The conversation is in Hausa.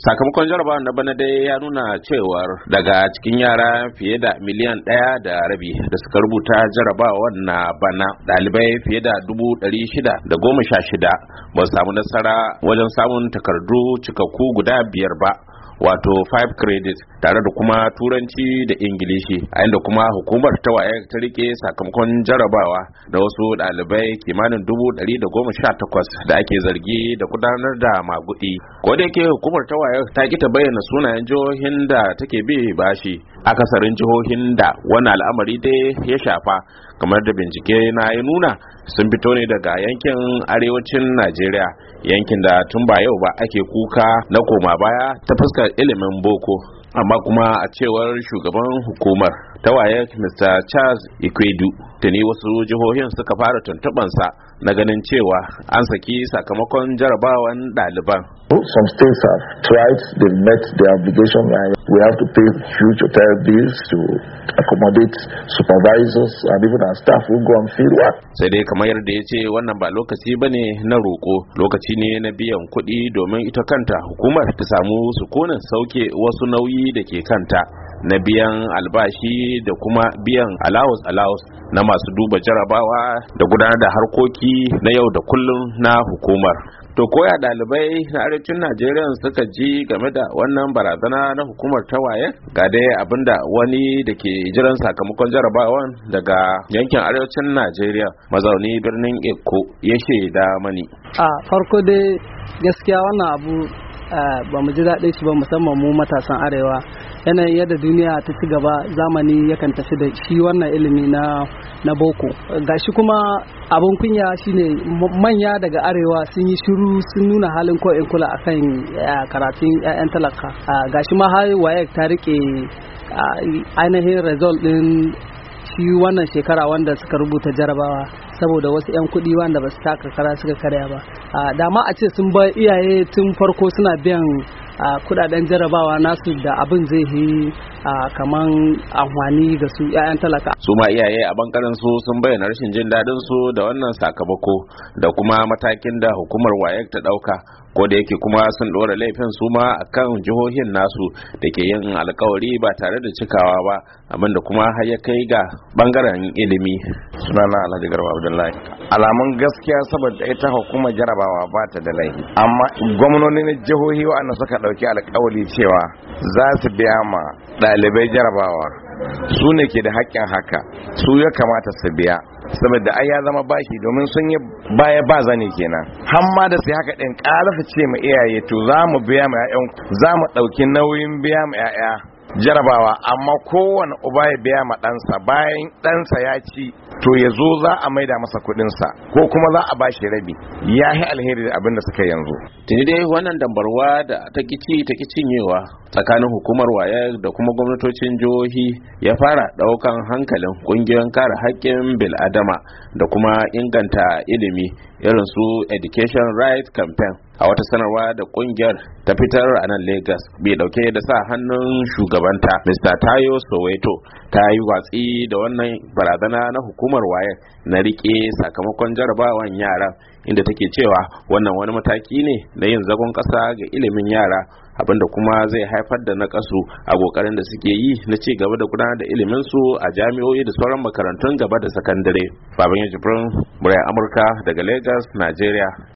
sakamakon jarabawa na bana dai ya nuna cewar daga cikin yara fiye da miliyan ɗaya da rabi da suka rubuta jarrabawar na bana ɗalibai fiye da dubu ɗari shida da goma sha shida ba samu nasara wajen samun takardu cikakku guda biyar ba wato five credits tare da kuma turanci da ingilishi a inda kuma hukumar ta waye ta rike sakamakon jarabawa da wasu dalibai kimanin dubu dari da goma sha takwas da ake zargi da gudanar da magudi ko da yake hukumar ta waye ta ki ta bayyana sunayen jihohin da take bi bashi akasarin jihohin da wani al'amari dai ya shafa kamar da bincike na ya nuna sun fito ne daga yankin arewacin najeriya yankin da tun ba yau ba ake kuka na koma baya ta fuskar ilimin boko amma kuma a cewar shugaban hukumar ta waye mr charles ikwedu tuni wasu jihohin suka fara tuntubansa na ganin cewa an saki sakamakon jarabawan ɗaliban Oh, some states have tried, they've met their obligation, we have to pay huge hotel bills to accommodate supervisors and even our staff who go on feel work. Sai dai kamar yadda ya ce wannan ba lokaci ba ne na roƙo, lokaci ne na biyan kuɗi domin ita kanta hukumar ta samu sukunin sauke wasu nauyi da ke kanta na biyan albashi da kuma biyan allowance allowance na masu duba jarabawa da gudanar da harkoki na yau da kullum na hukumar. To koya ɗalibai na arewacin Najeriya suka ji game da wannan barazana na hukumar ta tawaye ga dai abinda wani da ke jiran sakamakon jarabawan daga yankin arewacin Najeriya mazauni birnin Eko ya shaida mani. A farko dai gaskiya wannan abu eh, ba mu ji daɗin shi ba musamman mu matasan arewa yanayin yadda duniya ta ci gaba zamani yakan tafi da shi wannan ilimi na na boko gashi kuma abun kunya shine manya daga arewa sun yi shiru sun nuna halin ko in kula akan eh, karatun 'ya'yan talaka ah, gashi ma har waye ta rike ah, ainihin result din shi wannan shekara wanda suka rubuta jarabawa saboda wasu 'yan kuɗi wanda ba su taka kara suka karya ba ah, dama a ce sun bar iyaye tun farko suna biyan kudaden jarabawa nasu da abin zai yi kaman amfani ga su 'ya'yan talaka su ma iyaye a bangaren su sun bayyana rashin jin daɗin su da wannan sakamako da kuma matakin da hukumar wayek ta ɗauka ko da yake kuma sun ɗora laifin su ma akan jihohin nasu da ke yin alkawari ba tare da cikawa ba da kuma har ya kai ga bangaren ilimi sunana alhaji garba abdullahi alamun gaskiya saboda ita hukumar jarabawa ba ta da laifi amma gwamnoni na jihohi wa'anda suka ɗauki alkawari cewa za su biya ma Dalibai jarabawa su ne ke da haƙƙin haka su ya kamata su biya saboda ai ya zama bashi domin sun yi baya ba zane kenan hamma da sai haka ɗin ƙarasa ce mu iyaye to za mu biya mu ƴaƴan za mu ɗauki nauyin biya mu 'ya'ya jarabawa amma kowane uba ya biya ma ɗansa bayan ɗansa ya ci to ya zo za a maida masa kuɗinsa ko kuma za a ba shi rabi ya yi alheri da abin da suka yanzu tuni dai wannan dambarwa da ta kici ta cinyewa tsakanin hukumar waya da kuma gwamnatocin jihohi ya fara ɗaukan hankalin ƙungiyoyin kare haƙƙin bil'adama da kuma inganta ilimi irin su education rights campaign a wata sanarwa da kungiyar ta fitar a nan lagos bai dauke da sa hannun shugabanta mr tayo soweto ta yi watsi da wannan barazana na hukumar wayar na rike sakamakon jarabawan yara inda take cewa wannan wani mataki ne na yin zagon kasa ga ilimin yara abinda kuma zai haifar da nakasu a kokarin da suke yi na ci gaba da gudanar da ilimin su a jami'o'i da sauran makarantun gaba da sakandare baban jibrin murai amurka daga lagos nigeria